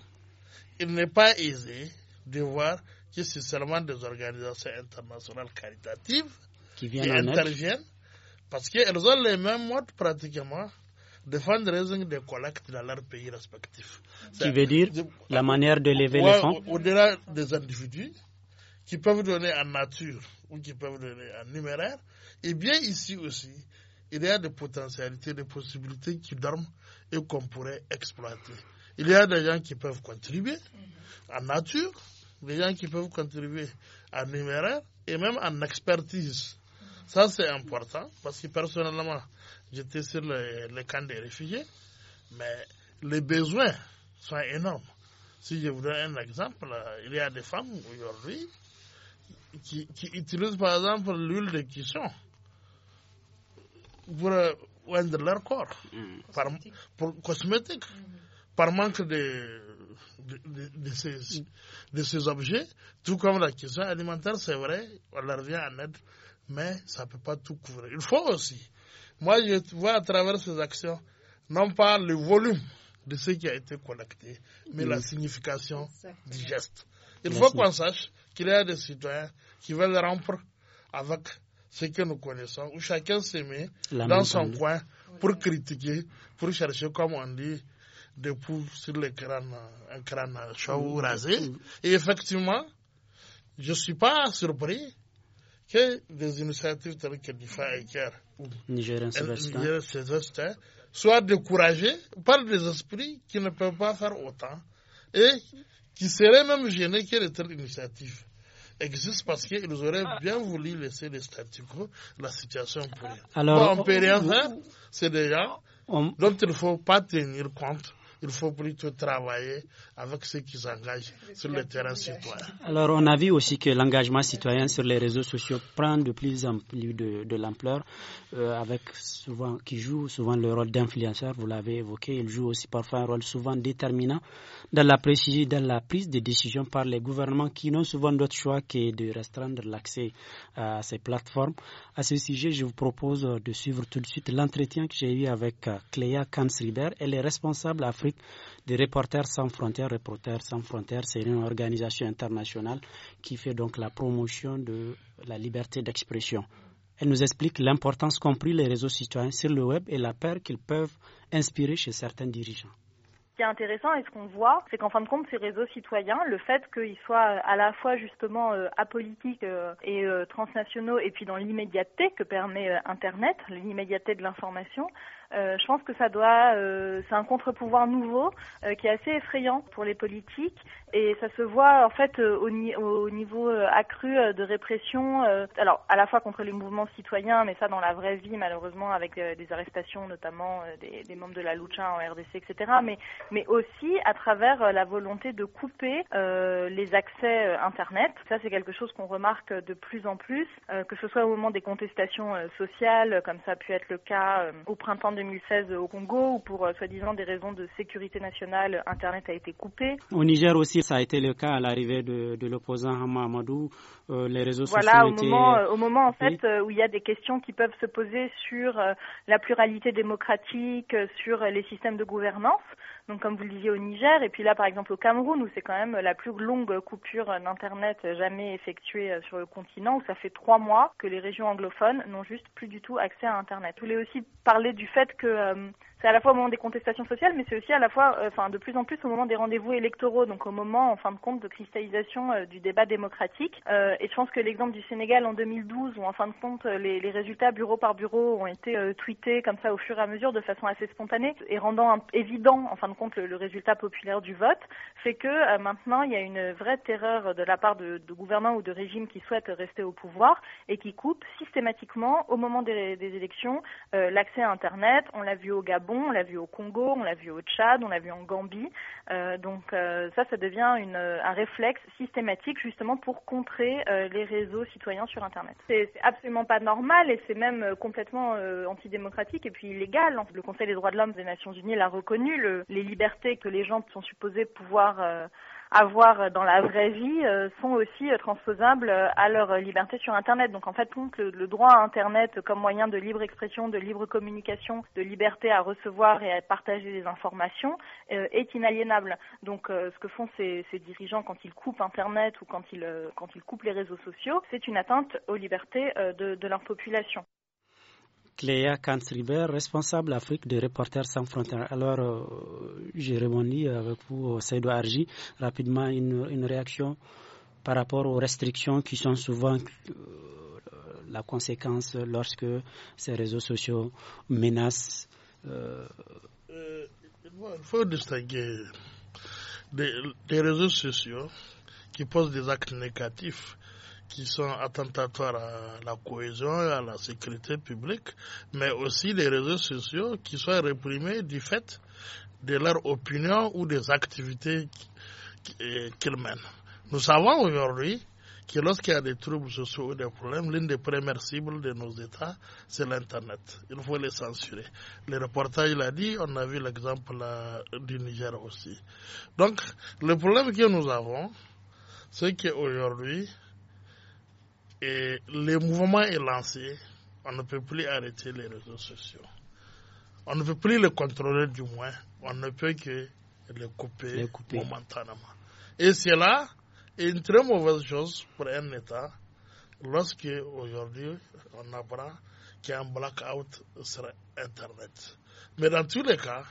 il n'est pas aisé de voir que c'est seulement des organisations internationales caritatives qui interviennent, parce qu'elles ont les mêmes modes pratiquement de fundraising des collectes dans leurs pays respectifs. Qui veut dire la manière de lever les fonds Au-delà des individus qui peuvent donner en nature ou qui peuvent donner en numéraire, et bien ici aussi, il y a des potentialités, des possibilités qui dorment et qu'on pourrait exploiter. Il y a des gens qui peuvent contribuer mhm. en nature, des gens qui peuvent contribuer en numéraire et même en expertise. Ça, c'est important parce que personnellement, j'étais sur le, camp des réfugiés, mais les besoins sont énormes. Si je vous donne un exemple, euh, il y a des femmes aujourd'hui qui, utilisent par exemple l'huile de cuisson pour vendre euh, leur corps, mm. par, pour cosmétique, mm. par manque de, de, ces, de ces objets, tout comme la cuisson alimentaire, c'est vrai, on leur vient en aide mais ça ne peut pas tout couvrir. Il faut aussi. Moi, je vois à travers ces actions, non pas le volume de ce qui a été collecté, mais la mm. signification du geste. Il faut qu'on sache qu'il y a des citoyens qui veulent rompre avec ce que nous connaissons, où chacun se met dans son coin pour critiquer, pour chercher, comme on dit, des poux sur le crâne, un crâne chaud ou mm. rasé. Mm. Et effectivement, je ne suis pas surpris que des initiatives telles que l'IFA et Kier, soient découragées par des esprits qui ne peuvent pas faire autant et qui seraient même gênés que les telles initiatives existent parce qu'ils auraient ah. bien voulu laisser les statu quo, la situation pour eux. Alors, c'est des gens dont il ne faut pas tenir compte il faut plutôt travailler avec ceux qui s'engagent sur le terrain citoyen. Alors, on a vu aussi que l'engagement citoyen sur les réseaux sociaux prend de plus en plus de, l'ampleur, euh, avec souvent, qui joue souvent le rôle d'influenceur, vous l'avez évoqué. Il joue aussi parfois un rôle souvent déterminant dans la, dans la prise de décision par les gouvernements qui n'ont souvent d'autre choix que de restreindre l'accès à ces plateformes. À ce sujet, je vous propose de suivre tout de suite l'entretien que j'ai eu avec euh, Cléa Kansriber. Elle est responsable Afrique des Reporters sans frontières. Reporters sans frontières, c'est une organisation internationale qui fait donc la promotion de la liberté d'expression. Elle nous explique l'importance qu'ont pris les réseaux citoyens sur le web et la peur qu'ils peuvent inspirer chez certains dirigeants Ce qui est intéressant et ce qu'on voit, c'est qu'en fin de compte, ces réseaux citoyens, le fait qu'ils soient euh, à la fois justement euh, apolitiques euh, et transnationaux et puis dans l'immédiateté que permet Internet, l'immédiateté de l'information, euh, je pense que ça doit, euh, c'est un contre-pouvoir nouveau euh, qui est assez effrayant pour les politiques et ça se voit en fait euh, au, niveau euh, accru de répression. alors à la fois contre les mouvements citoyens, mais ça dans la vraie vie malheureusement avec des arrestations notamment des, membres de la Lucha en RDC, etc. Mais mais aussi à travers la volonté de couper les accès Internet. Ça c'est quelque chose qu'on remarque de plus en plus, que ce soit au moment des contestations sociales, comme ça a pu être le cas au printemps 2016 au Congo, où pour euh, soi-disant des raisons de sécurité nationale, Internet a été coupé. Au Niger aussi, ça a été le cas à l'arrivée de, l'opposant Hamadou. Euh, les réseaux voilà, sociaux au Moment, euh, au moment en fait où il y a des questions qui peuvent se poser sur la pluralité démocratique, sur les systèmes de gouvernance donc comme vous le disiez au Niger, et puis là par exemple au Cameroun, où c'est quand même la plus longue coupure d'Internet jamais effectuée euh, sur le continent, où ça fait trois mois que les régions anglophones n'ont juste plus du tout accès à Internet. Je voulais aussi parler du fait que... Euh, c'est à la fois au moment des contestations sociales, mais c'est aussi à la fois, euh, enfin, de plus en plus au moment des rendez-vous électoraux, donc au moment, en fin de compte, de cristallisation euh, du débat démocratique. Euh, et je pense que l'exemple du Sénégal en 2012, où en fin de compte, les, résultats bureau par bureau ont été tweetés comme ça au fur et à mesure, de façon assez spontanée, et rendant évident, en fin de compte, le, résultat populaire du vote, fait que maintenant, il y a une vraie terreur de la part de, de gouvernants ou de régimes qui souhaitent rester au pouvoir et qui coupent systématiquement, au moment des, des élections, l'accès à Internet. On l'a vu au Gabon on l'a vu au Congo, on l'a vu au Tchad, on l'a vu en Gambie. Euh, donc euh, ça, ça devient euh, un réflexe systématique justement pour contrer les réseaux citoyens sur Internet. C'est absolument pas normal et c'est même complètement antidémocratique et puis illégal. Le Conseil des droits de l'homme des Nations Unies l'a reconnu, les libertés que les gens sont supposés pouvoir avoir euh, dans la vraie vie euh, sont aussi euh, transposables à leur liberté sur Internet. Donc en fait, le, le droit à Internet comme moyen de libre expression, de libre communication, de liberté à recevoir et à partager des informations est inaliénable. Donc ce que font ces, ces dirigeants quand ils coupent Internet ou quand ils, quand ils coupent les réseaux sociaux, c'est une atteinte aux libertés de, de leur population. Cléa River, responsable Afrique de Reporters sans frontières. Alors, j'ai euh, je avec vous, Seydou Arji, rapidement une, réaction par rapport aux restrictions qui sont souvent euh, la conséquence lorsque ces réseaux sociaux menacent. Euh, il faut distinguer des réseaux sociaux qui posent des actes négatifs qui sont attentatoires à la cohésion et à la sécurité publique, mais aussi les réseaux sociaux qui sont réprimés du fait de leur opinion ou des activités qu'ils mènent. Nous savons aujourd'hui que lorsqu'il y a des troubles sociaux ou des problèmes, l'une des premières cibles de nos États, c'est l'Internet. Il faut les censurer. Le reportage l'a dit, on a vu l'exemple euh, du Niger aussi. Donc, le problème que nous avons, c'est qu'aujourd'hui, et le mouvement est lancé. On ne peut plus arrêter les réseaux sociaux. On ne peut plus les contrôler du moins. On ne peut que les couper, momentanément. Et cela est une très mauvaise chose pour un État lorsque aujourd'hui on apprend qu'il y a blackout sur Internet. Mais dans tous les cas,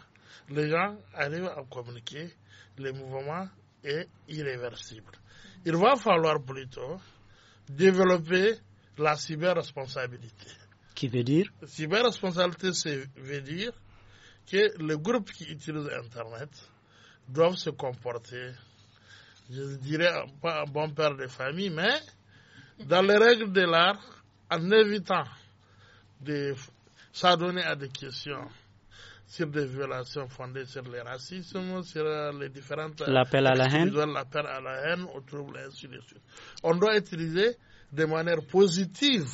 les gens arrivent à communiquer, le mouvement est irréversible. Il va falloir plutôt développer la cyber-responsabilité. Qui veut dire Cyber-responsabilité, c'est veut dire que les groupes qui utilisent Internet doivent se comporter, je dirais pas un bon père de famille, mais dans les règles de l'art, en évitant de s'adonner à des questions sur des violations fondées sur le racisme, sur les différentes. L'appel à la haine. L'appel à la haine, au On doit utiliser de manière positive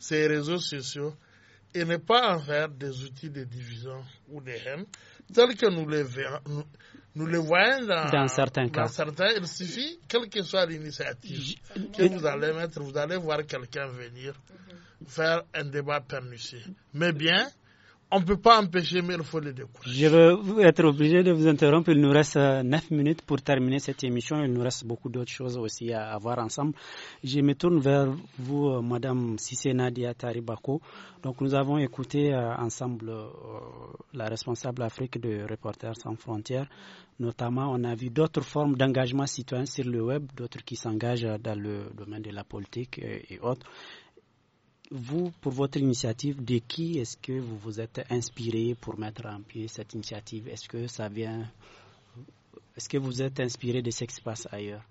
ces réseaux sociaux et ne pas en faire des outils de division ou de haine, tels que nous les, voyons dans, certains cas. il suffit, quelle que soit l'initiative que euh, vous allez mettre, vous allez voir quelqu'un venir faire un débat pernicieux. Mais bien, on ne peut pas empêcher, mais il faut les décourager. Je vais être obligé de vous interrompre. Il nous reste euh, neuf minutes pour terminer cette émission. Il nous reste beaucoup d'autres choses aussi à, voir ensemble. Je me tourne vers vous, euh, Madame Sissé Nadia Taribako. Donc, nous avons écouté euh, ensemble la responsable Afrique de Reporters sans frontières. Notamment, on a vu d'autres formes d'engagement citoyen sur le web, d'autres qui s'engagent dans le domaine de la politique et autres vous, pour votre initiative, de qui est-ce que vous vous êtes inspiré pour mettre en pied cette initiative Est-ce que ça vient Est-ce que vous êtes inspiré de ce qui se passe ailleurs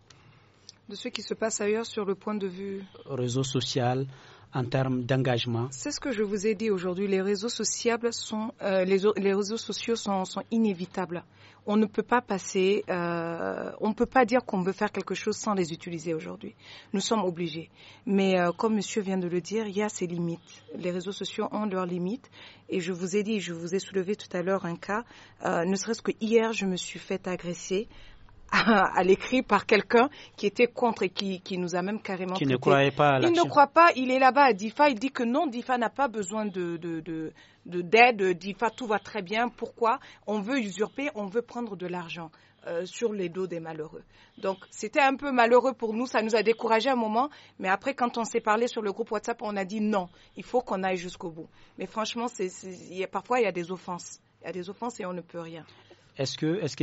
De ce qui se passe ailleurs sur le point de vue réseau social en termes d'engagement. C'est ce que je vous ai dit aujourd'hui. Les réseaux sociaux sont euh, réseaux sociaux sont inévitables on ne peut pas passer, euh, on peut pas dire qu'on veut faire quelque chose sans les utiliser aujourd'hui. Nous sommes obligés. Mais euh, comme monsieur vient de le dire, il y a ses limites. Les réseaux sociaux ont leurs limites. Et je vous ai dit, je vous ai soulevé tout à l'heure un cas, euh, ne serait-ce que hier, je me suis fait agresser à, l'écrit par quelqu'un qui était contre et qui, qui nous a même carrément. Qui ne croyait pas à Il ne croit pas, il est là-bas à DIFA, il dit que non, DIFA n'a pas besoin de, de, de d'aide, d'IFA, tout va très bien. Pourquoi On veut usurper, on veut prendre de l'argent euh, sur les dos des malheureux. Donc c'était un peu malheureux pour nous, ça nous a découragé un moment, mais après quand on s'est parlé sur le groupe WhatsApp, on a dit non, il faut qu'on aille jusqu'au bout. Mais franchement, c'est, y a, parfois il y a des offenses. Il y a des offenses et on ne peut rien. Est-ce que, est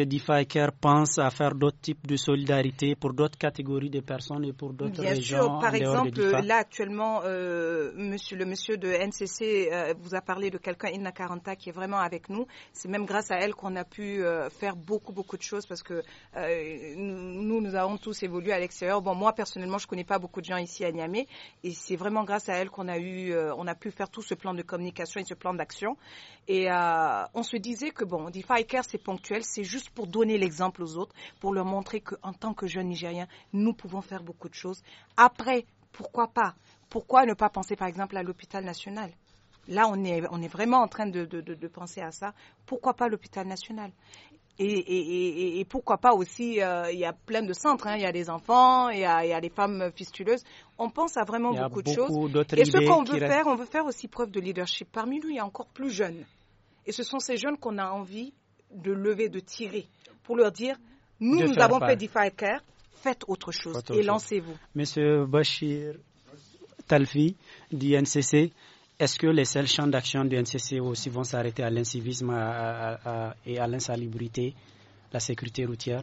que pense à faire d'autres types de solidarité pour d'autres catégories de personnes et pour d'autres régions sûr. Par exemple, là actuellement, euh, monsieur, le monsieur de NCC euh, vous a parlé de quelqu'un, Inna Caranta, qui est vraiment avec nous. C'est même grâce à elle qu'on a pu euh, faire beaucoup, beaucoup de choses parce que euh, nous, nous avons tous évolué à l'extérieur. Bon, moi, personnellement, je ne connais pas beaucoup de gens ici à Niamey et c'est vraiment grâce à elle qu'on a, eu, on a pu faire tout ce plan de communication et ce plan d'action. Et on se disait que, bon, DeFi c'est ponctuel c'est juste pour donner l'exemple aux autres, pour leur montrer qu'en tant que jeunes Nigériens, nous pouvons faire beaucoup de choses. Après, pourquoi pas Pourquoi ne pas penser par exemple à l'hôpital national Là, on est, on est vraiment en train de, penser à ça. Pourquoi pas l'hôpital national et, pourquoi pas aussi, euh, il y a plein de centres, hein. il y a des enfants, il y, a, des femmes fistuleuses. On pense à vraiment beaucoup, de choses. Et ce qu'on veut faire, on veut faire aussi preuve de leadership. Parmi nous, il y a encore plus jeunes. Et ce sont ces jeunes qu'on a envie de lever, de tirer, pour leur dire nous, nous avons fait des Care, faites autre chose et lancez-vous. Monsieur Bachir Talfi, du NCC, est-ce que les seuls champs d'action du NCC aussi vont s'arrêter à l'incivisme et à l'insalubrité, la sécurité routière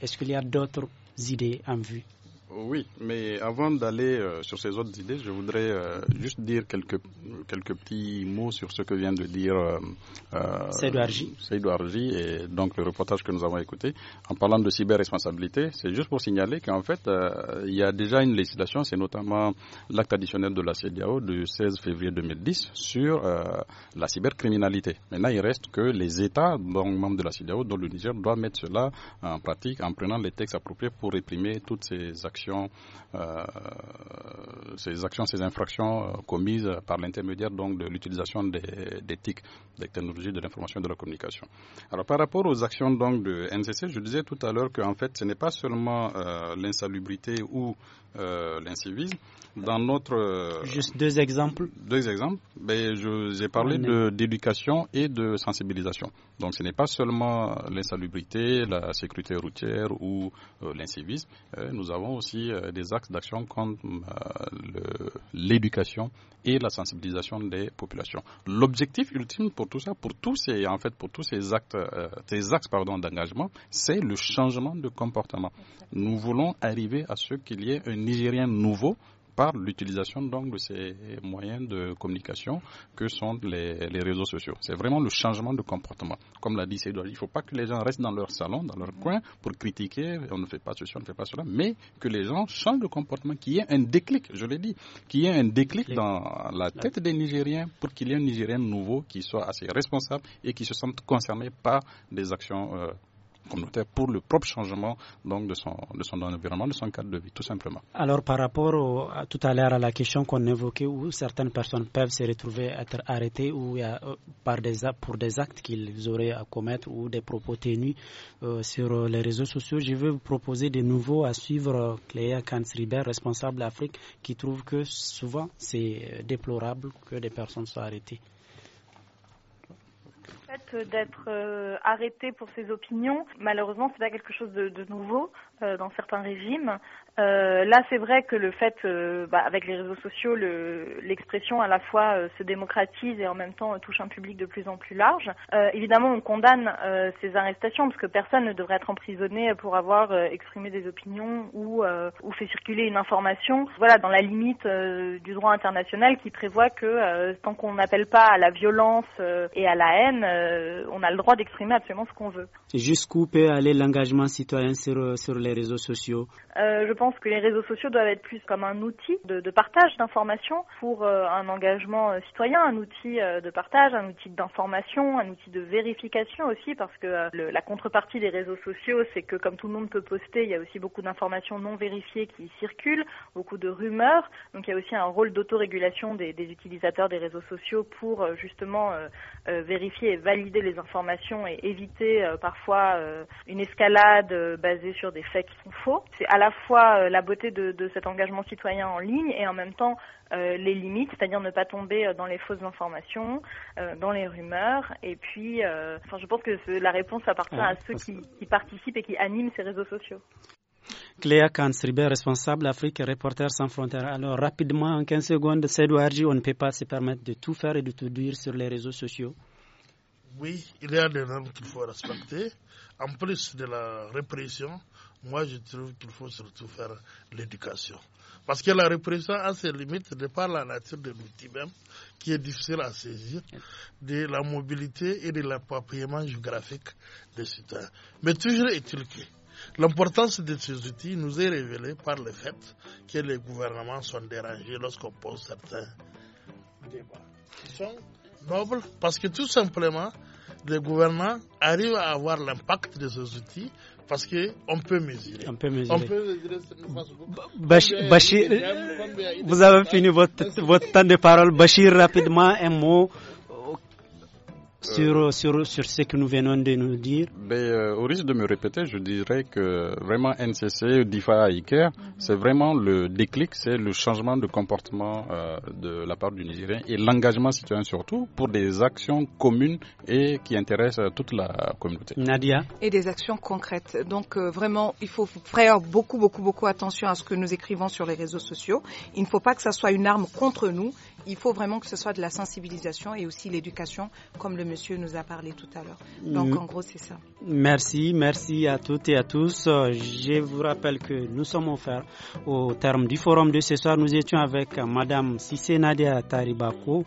Est-ce qu'il y a d'autres idées en vue oui, mais avant d'aller euh, sur ces autres idées, je voudrais euh, juste dire quelques, quelques petits mots sur ce que vient de dire euh, euh Arji et donc le reportage que nous avons écouté. En parlant de cyber-responsabilité, c'est juste pour signaler qu'en fait, il y a déjà une législation, c'est notamment l'acte additionnel de la CDAO du 16 février 2010 sur la cybercriminalité. Maintenant, il reste que les États, donc membres de la CDAO, dont le Niger, doivent mettre cela en pratique en prenant les textes appropriés pour réprimer toutes ces actions euh, ces actions, ces infractions euh, commises par l'intermédiaire donc de l'utilisation des, des TIC, des technologies de l'information et de la communication. Alors par rapport aux actions de NCC, je disais tout à l'heure qu'en fait ce n'est pas seulement euh, l'insalubrité ou euh, l'incivisme. Dans notre. Euh, Juste deux exemples. Deux exemples. Ben, J'ai parlé de d'éducation et de sensibilisation. Donc ce n'est pas seulement l'insalubrité, la sécurité routière ou euh, l'incivisme. Euh, nous avons aussi euh, des axes d'action contre l'éducation et la sensibilisation des populations. L'objectif ultime pour tout ça, pour tous ces, en fait, pour tous ces actes, ces axes d'engagement, c'est le changement de comportement. Nous voulons arriver à ce qu'il y ait une Nigériens nouveaux par l'utilisation donc de ces moyens de communication que sont les, réseaux sociaux. C'est vraiment le changement de comportement. Comme l'a dit Cédric, il ne faut pas que les gens restent dans leur salon, dans leur coin, pour critiquer, on ne fait pas ceci, on ne fait pas cela, mais que les gens changent de comportement, qu'il y ait un déclic, je l'ai dit, qu'il y ait un déclic dans la tête des Nigériens pour qu'il y ait un Nigérien nouveau qui soit assez responsable et qui se sente concerné par des actions euh, communautaire pour le propre changement donc, de, son, de son environnement, de son cadre de vie, tout simplement. Alors, par rapport tout à l'heure à la question qu'on évoquait où certaines personnes peuvent se retrouver être arrêtées ou euh, par des, pour des actes qu'ils auraient à commettre ou des propos tenus euh, sur euh, les réseaux sociaux, je veux vous proposer de nouveau à suivre euh, Cléa Kansriber, responsable d'Afrique, qui trouve que souvent c'est déplorable que des personnes soient arrêtées fait d'être euh, arrêté pour ses opinions, malheureusement, c'est pas quelque chose de, nouveau euh, dans certains régimes. Euh, là, c'est vrai que le fait, euh, bah, avec les réseaux sociaux, l'expression à la fois euh, se démocratise et en même temps touche un public de plus en plus large. évidemment, on condamne ces arrestations parce que personne ne devrait être emprisonné pour avoir exprimé des opinions ou, ou fait circuler une information. Voilà, dans la limite du droit international qui prévoit que tant qu'on n'appelle pas à la violence et à la haine, on a le droit d'exprimer absolument ce qu'on veut. Jusqu'où peut aller l'engagement citoyen sur, sur les réseaux sociaux pense que les réseaux sociaux doivent être plus comme un outil de, partage d'informations pour euh, un engagement euh, citoyen, un outil euh, de partage, un outil d'information, un outil de vérification aussi, parce que la contrepartie des réseaux sociaux, c'est que comme tout le monde peut poster, il y a aussi beaucoup d'informations non vérifiées qui circulent, beaucoup de rumeurs. Donc il y a aussi un rôle d'autorégulation des, utilisateurs des réseaux sociaux pour justement vérifier et valider les informations et éviter parfois une escalade basée sur des faits qui sont faux. C'est à la fois euh, la beauté de, cet engagement citoyen en ligne et en même temps euh, les limites, c'est-à-dire ne pas tomber euh, dans les fausses informations, dans les rumeurs. Et puis, enfin, je pense que la réponse appartient à ceux qui, participent et qui animent ces réseaux sociaux. Cléa Kansribe, responsable Afrique Reporters sans frontières. Alors, rapidement, en 15 secondes, on ne peut pas se permettre de tout faire et de tout dire sur les réseaux sociaux. Oui, il y a des normes qu'il faut respecter. En plus de la répression, moi je trouve qu'il faut surtout faire l'éducation. Parce que la répression a ses limites de par la nature de l'outil même, qui est difficile à saisir, de la mobilité et de l'appropriement géographique des citoyens. Mais toujours est-il que l'importance de ces outils nous est révélée par le fait que les gouvernements sont dérangés lorsqu'on pose certains débats. Ils sont nobles parce que tout simplement, les gouvernants arrivent à avoir l'impact de ces outils parce que on peut mesurer. On peut mesurer. On vous avez fini votre, votre temps de parole. Bachir, rapidement, un mot euh, sur, ce que nous venons de nous dire euh, Au risque de me répéter, je dirais que vraiment NCC, DIFA, ICARE, mhm. c'est vraiment le déclic, c'est le changement de comportement euh, de la part du Nigérien et l'engagement citoyen surtout pour des actions communes et qui intéressent toute la communauté. Nadia Et des actions concrètes. Donc vraiment, il faut faire beaucoup, beaucoup, beaucoup attention à ce que nous écrivons sur les réseaux sociaux. Il ne faut pas que ça soit une arme contre nous, il faut vraiment que ce soit de la sensibilisation et aussi l'éducation, comme le monsieur nous a parlé tout à l'heure. Donc mm. en gros, c'est ça. Merci, merci à toutes et à tous. Euh, je vous rappelle que nous sommes offerts au terme du forum de ce soir. Nous étions avec euh, Madame Sissé Nadia Taribako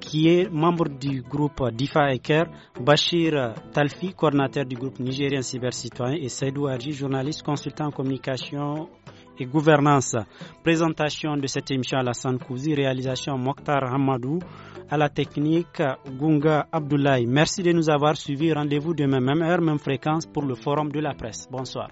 qui est membre du groupe DIFA Eker, Bachir euh, Talfi, coordinateur du groupe nigérien cyber et Seydou Arji, journaliste consultant en communication et gouvernance. Présentation de cette émission à la Sankouzi, réalisation Mokhtar Hamadou, à la technique Gunga Abdoulaye. Merci de nous avoir suivis. Rendez-vous demain, même heure, même fréquence pour le forum de la presse. Bonsoir.